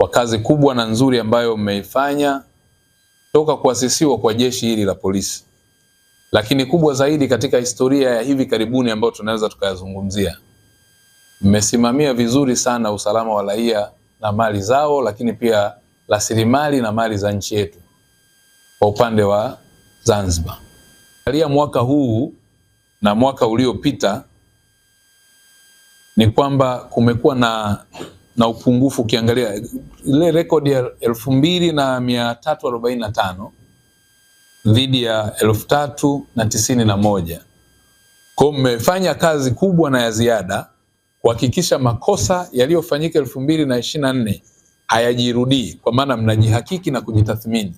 kwa kazi kubwa na nzuri ambayo mmeifanya toka kuasisiwa kwa jeshi hili la polisi, lakini kubwa zaidi katika historia ya hivi karibuni ambayo tunaweza tukayazungumzia. Mmesimamia vizuri sana usalama wa raia na mali zao, lakini pia rasilimali na mali za nchi yetu. Kwa upande wa Zanzibar, kalia mwaka huu na mwaka uliopita, ni kwamba kumekuwa na na upungufu. Ukiangalia ile rekodi ya elfu mbili na mia tatu arobaini na tano dhidi ya elfu tatu na tisini na moja kwao mmefanya kazi kubwa na ya ziada kuhakikisha makosa yaliyofanyika elfu mbili na ishirini na nne hayajirudii, kwa maana mnajihakiki na kujitathmini.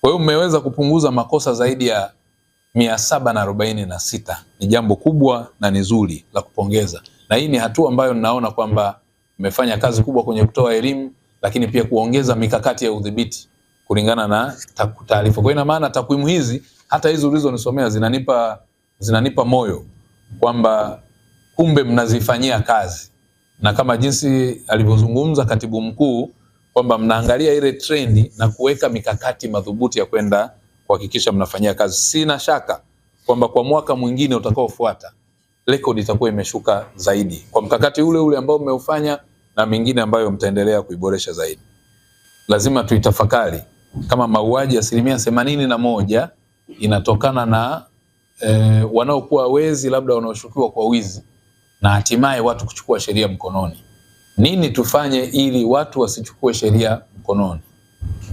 Kwa hiyo mmeweza kupunguza makosa zaidi ya mia saba na arobaini na sita. Ni jambo kubwa na ni zuri la kupongeza, na hii ni hatua ambayo ninaona kwamba imefanya kazi kubwa kwenye kutoa elimu, lakini pia kuongeza mikakati ya udhibiti kulingana na taarifa. Kwa ina maana takwimu hizi hata hizi ulizonisomea zinanipa zinanipa moyo kwamba kumbe mnazifanyia kazi, na kama jinsi alivyozungumza katibu mkuu kwamba mnaangalia ile trendi na kuweka mikakati madhubuti ya kwenda kuhakikisha mnafanyia kazi. Sina shaka kwamba kwa mwaka mwingine utakaofuata rekodi itakuwa imeshuka zaidi kwa mkakati ule ule ambao mmeufanya na mingine ambayo mtaendelea kuiboresha zaidi. Lazima tuitafakari kama mauaji asilimia themanini na moja inatokana na e, wanaokuwa wezi, labda wanaoshukiwa kwa wizi na hatimaye watu kuchukua sheria mkononi. Nini tufanye ili watu wasichukue sheria mkononi?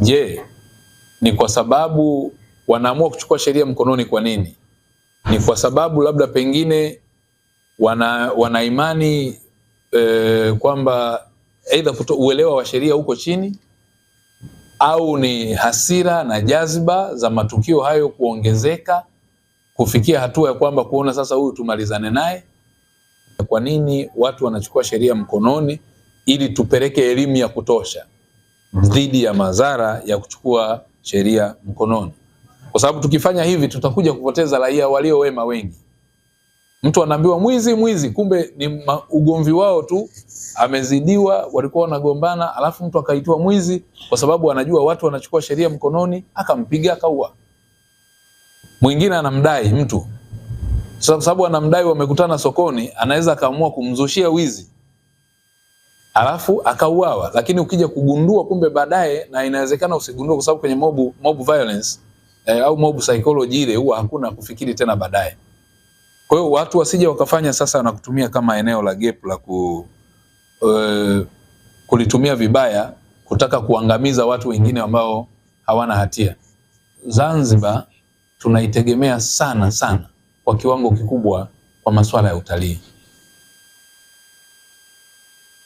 Je, ni kwa sababu wanaamua kuchukua sheria mkononi? Kwa nini? Ni kwa sababu labda pengine wana, wana imani Eh, kwamba aidha uelewa wa sheria huko chini au ni hasira na jazba za matukio hayo kuongezeka kufikia hatua ya kwamba kuona sasa huyu tumalizane naye. Kwa nini watu wanachukua sheria mkononi ili tupeleke elimu ya kutosha dhidi ya madhara ya kuchukua sheria mkononi, kwa sababu tukifanya hivi tutakuja kupoteza raia walio wema wengi. Mtu anaambiwa mwizi, mwizi, kumbe ni ugomvi wao tu, amezidiwa, walikuwa wanagombana, alafu mtu akaitwa mwizi kwa sababu anajua watu wanachukua sheria mkononi, akampiga akaua. Mwingine anamdai mtu, kwa sababu anamdai, wamekutana sokoni, anaweza akaamua kumzushia wizi alafu akauawa. Lakini ukija kugundua, kumbe baadaye, na inawezekana usigundue, kwa sababu kwenye mob mob violence eh, au mob psychology ile huwa hakuna kufikiri tena baadaye. Kwa hiyo watu wasije wakafanya sasa na kutumia kama eneo la gap la ku, uh, kulitumia vibaya kutaka kuangamiza watu wengine ambao hawana hatia. Zanzibar tunaitegemea sana sana kwa kiwango kikubwa kwa masuala ya utalii.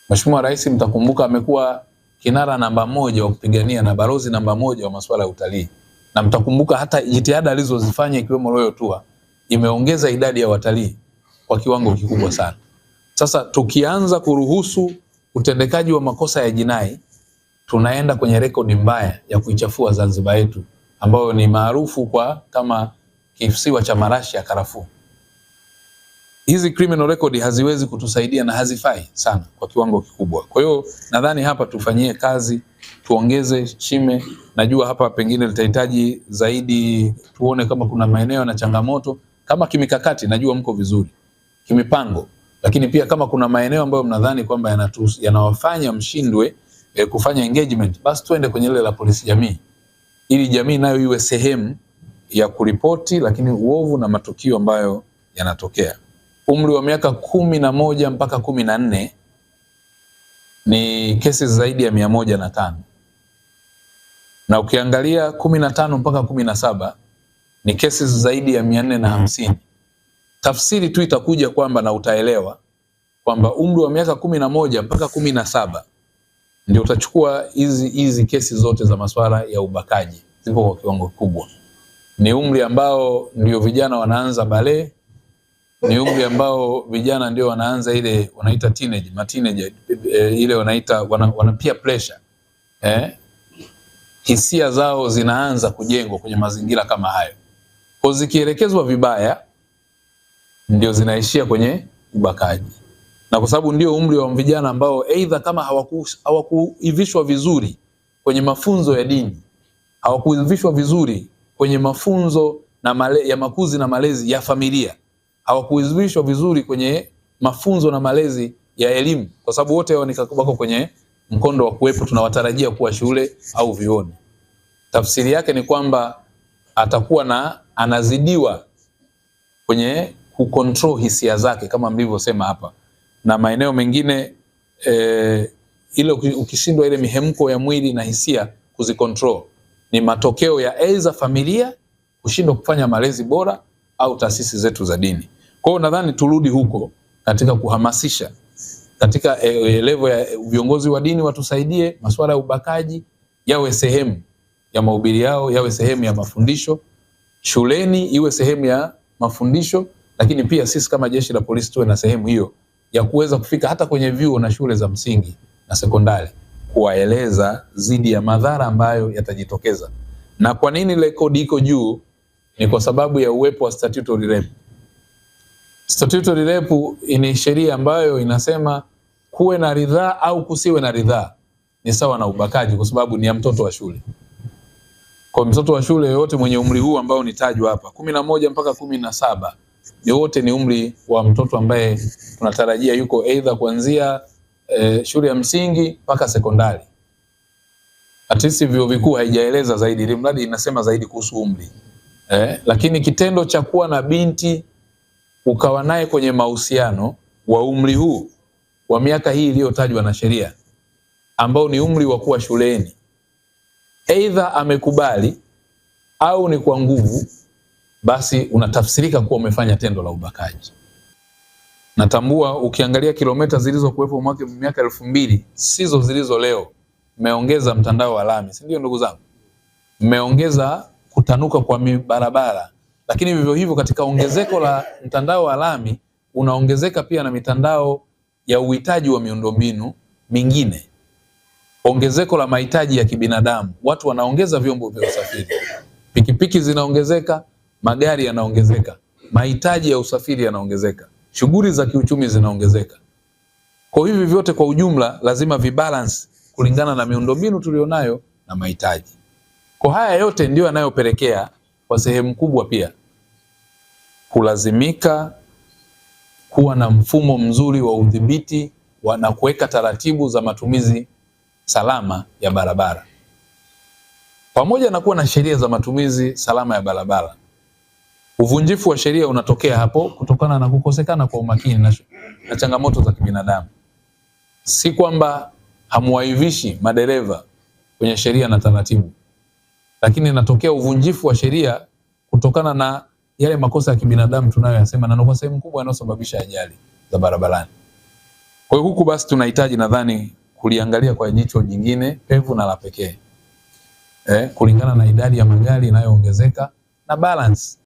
Mheshimiwa Rais, mtakumbuka, amekuwa kinara namba moja wa kupigania na balozi namba moja wa masuala ya utalii, na mtakumbuka hata jitihada alizozifanya ikiwemo Royal Tour imeongeza idadi ya watalii kwa kiwango kikubwa sana. Sasa tukianza kuruhusu utendekaji wa makosa ya jinai, tunaenda kwenye rekodi mbaya ya kuichafua Zanzibar yetu ambayo ni maarufu kwa kama kisiwa cha marashi ya karafuu. Hizi criminal record haziwezi kutusaidia na hazifai sana kwa kiwango kikubwa. Kwa hiyo nadhani hapa tufanyie kazi, tuongeze shime. Najua hapa pengine litahitaji zaidi, tuone kama kuna maeneo na changamoto kama kimikakati, najua mko vizuri kimipango, lakini pia kama kuna maeneo ambayo mnadhani kwamba yanawafanya mshindwe eh, kufanya engagement, basi tuende kwenye ile la polisi jamii, ili jamii nayo iwe sehemu ya kuripoti, lakini uovu na matukio ambayo yanatokea. Umri wa miaka kumi na moja mpaka kumi na nne ni kesi zaidi ya mia moja na tano na ukiangalia kumi na tano mpaka kumi na saba ni kesi zaidi ya mia nne na mhm. hamsini. Tafsiri tu itakuja kwamba na utaelewa kwamba umri wa miaka kumi na moja mpaka kumi na saba ndio utachukua hizi hizi kesi zote za masuala ya ubakaji, zipo kwa kiwango kikubwa. Ni umri ambao ndio vijana wanaanza bale, ni umri ambao vijana ndio wanaanza ile wanaita teenage, ma teenage eh, ile wanaita wana, wana peer pressure eh, hisia zao zinaanza kujengwa kwenye mazingira kama hayo. Kwa zikielekezwa vibaya mm-hmm. ndio zinaishia kwenye ubakaji, na kwa sababu ndio umri wa vijana ambao aidha kama hawakuivishwa vizuri kwenye mafunzo ya dini, hawakuivishwa vizuri kwenye mafunzo na male, ya makuzi na malezi ya familia, hawakuivishwa vizuri kwenye mafunzo na malezi ya elimu, kwa sababu wote hao wako kwenye mkondo wa kuwepo tunawatarajia kuwa shule au vioni. Tafsiri yake ni kwamba atakuwa na anazidiwa kwenye kucontrol hisia zake kama mlivyosema hapa na maeneo mengine e, ile ukishindwa ile mihemko ya mwili na hisia kuzicontrol ni matokeo ya aidha familia kushindwa kufanya malezi bora au taasisi zetu za dini. Kwa hiyo nadhani turudi huko katika kuhamasisha katika e, eh, levo ya viongozi wa dini watusaidie, masuala ya ubakaji yawe sehemu ya mahubiri yao, yawe sehemu ya mafundisho shuleni iwe sehemu ya mafundisho, lakini pia sisi kama jeshi la polisi tuwe na sehemu hiyo ya kuweza kufika hata kwenye vyuo na shule za msingi na sekondari kuwaeleza dhidi ya madhara ambayo yatajitokeza. Na kwa nini rekodi iko juu? Ni kwa sababu ya uwepo wa statutory rape. Statutory rape ni sheria ambayo inasema kuwe na ridhaa au kusiwe na ridhaa ni sawa na ubakaji, kwa sababu ni ya mtoto wa shule. Kwa mtoto wa shule yoyote mwenye umri huu ambao nitajwa hapa, kumi na moja mpaka kumi na saba ni ni umri wa mtoto ambaye tunatarajia yuko aidha kuanzia eh, shule ya msingi mpaka sekondari. At least vyuo vikuu haijaeleza zaidi, ili mradi inasema zaidi kuhusu umri eh, lakini kitendo cha kuwa na binti ukawa naye kwenye mahusiano wa umri huu wa miaka hii iliyotajwa na sheria ambao ni umri wa kuwa shuleni aidha amekubali au ni kwa nguvu, basi unatafsirika kuwa umefanya tendo la ubakaji. Natambua ukiangalia kilomita zilizokuwepo mwaka miaka elfu mbili sizo zilizo leo. Mmeongeza mtandao wa lami, si ndio ndugu zangu? Mmeongeza kutanuka kwa barabara, lakini vivyo hivyo katika ongezeko la mtandao wa lami unaongezeka pia na mitandao ya uhitaji wa miundombinu mingine ongezeko la mahitaji ya kibinadamu, watu wanaongeza vyombo vya usafiri, pikipiki zinaongezeka, magari yanaongezeka, mahitaji ya usafiri yanaongezeka, shughuli za kiuchumi zinaongezeka. Kwa hivi vyote kwa ujumla lazima vibalance kulingana na miundombinu tulionayo na mahitaji. Kwa haya yote ndiyo yanayopelekea kwa sehemu kubwa pia kulazimika kuwa na mfumo mzuri wa udhibiti na kuweka taratibu za matumizi salama ya barabara. Pamoja na kuwa na sheria za matumizi salama ya barabara, uvunjifu wa sheria unatokea hapo kutokana na kukosekana kwa umakini na, na changamoto za kibinadamu. Si kwamba hamuwaivishi madereva kwenye sheria na taratibu, lakini inatokea uvunjifu wa sheria kutokana na yale makosa ya kibinadamu tunayoyasema, na kwa sehemu kubwa yanayosababisha ajali za barabarani. Kwa hiyo huku basi tunahitaji nadhani kuliangalia kwa jicho jingine pevu na la pekee eh, kulingana na idadi ya magari inayoongezeka na balance